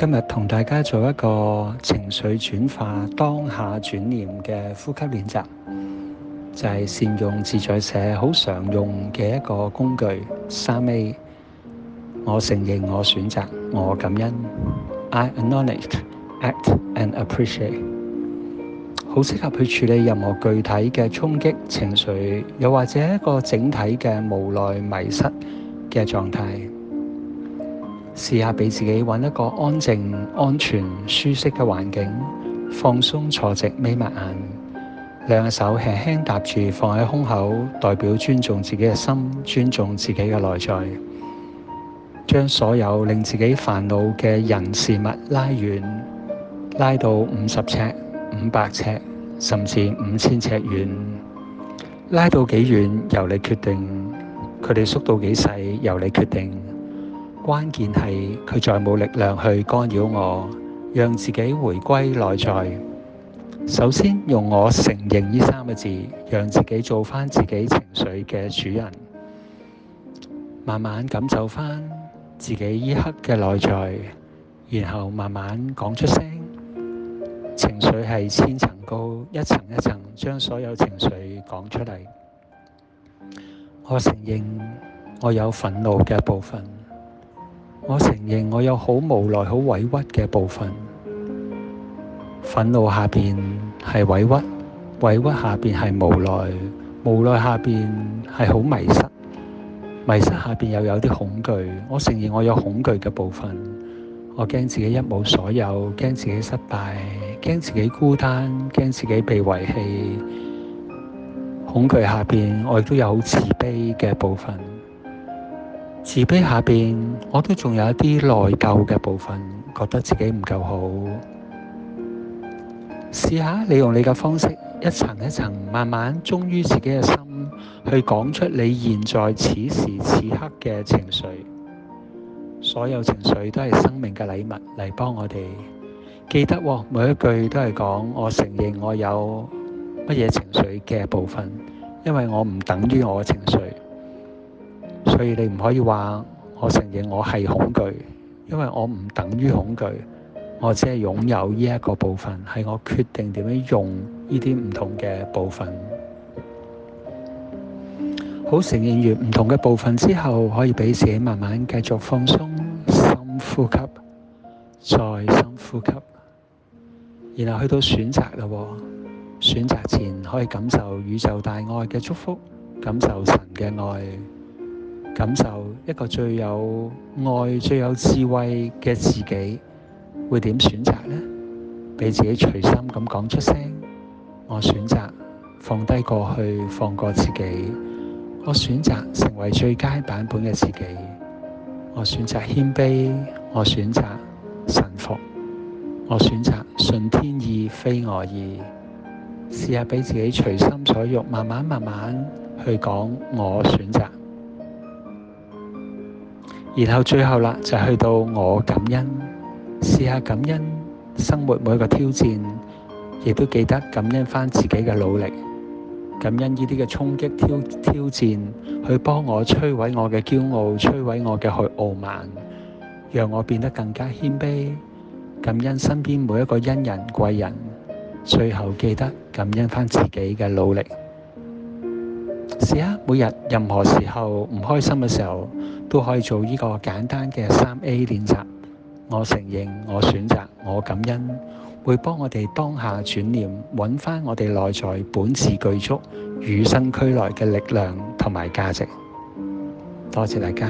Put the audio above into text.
今日同大家做一個情緒轉化、當下轉念嘅呼吸練習，就係、是、善用自在社好常用嘅一個工具。三 A，我承認，我選擇，我感恩。I acknowledge, act and appreciate。好適合去處理任何具體嘅衝擊情緒，又或者一個整體嘅無奈迷失嘅狀態。試下俾自己揾一個安靜、安全、舒適嘅環境，放鬆坐直，眯埋眼，兩手輕輕搭住放喺胸口，代表尊重自己嘅心，尊重自己嘅內在。將所有令自己煩惱嘅人事物拉遠，拉到五十尺、五百尺，甚至五千尺遠。拉到幾遠由你決定，佢哋縮到幾細由你決定。關鍵係佢再冇力量去干擾我，讓自己回歸內在。首先用我承認呢三個字，讓自己做翻自己情緒嘅主人，慢慢感受翻自己呢刻嘅內在，然後慢慢講出聲。情緒係千層高，一層一層將所有情緒講出嚟。我承認我有憤怒嘅部分。我承認我有好無奈、好委屈嘅部分，憤怒下邊係委屈，委屈下邊係無奈，無奈下邊係好迷失，迷失下邊又有啲恐懼。我承認我有恐懼嘅部分，我驚自己一無所有，驚自己失敗，驚自己孤單，驚自己被遺棄。恐懼下邊我亦都有好自卑嘅部分。自卑下邊，我都仲有一啲內疚嘅部分，覺得自己唔夠好。試下你用你嘅方式，一層一層，慢慢忠於自己嘅心，去講出你現在此時此刻嘅情緒。所有情緒都係生命嘅禮物嚟，幫我哋。記得喎，每一句都係講我承認我有乜嘢情緒嘅部分，因為我唔等於我嘅情緒。所以你唔可以話我承認我係恐懼，因為我唔等於恐懼，我只係擁有呢一個部分，係我決定點樣用呢啲唔同嘅部分。好，承認完唔同嘅部分之後，可以俾自己慢慢繼續放鬆，深呼吸，再深呼吸，然後去到選擇嘞喎。選擇前可以感受宇宙大愛嘅祝福，感受神嘅愛。感受一個最有愛、最有智慧嘅自己，會點選擇呢？俾自己隨心咁講出聲。我選擇放低過去，放過自己。我選擇成為最佳版本嘅自己。我選擇謙卑，我選擇臣服。我選擇順天意，非我意。試下俾自己隨心所欲，慢慢慢慢去講。我選擇。然後最後啦，就去到我感恩，試下感恩生活每一個挑戰，亦都記得感恩返自己嘅努力，感恩呢啲嘅衝擊挑挑戰，去幫我摧毀我嘅驕傲，摧毀我嘅去傲慢，讓我變得更加謙卑，感恩身邊每一個恩人貴人，最後記得感恩返自己嘅努力。是啊，每日任何時候唔開心嘅時候，都可以做呢個簡單嘅三 A 練習。我承認，我選擇，我感恩，會幫我哋當下轉念，揾翻我哋內在本自具足、與生俱來嘅力量同埋價值。多謝大家。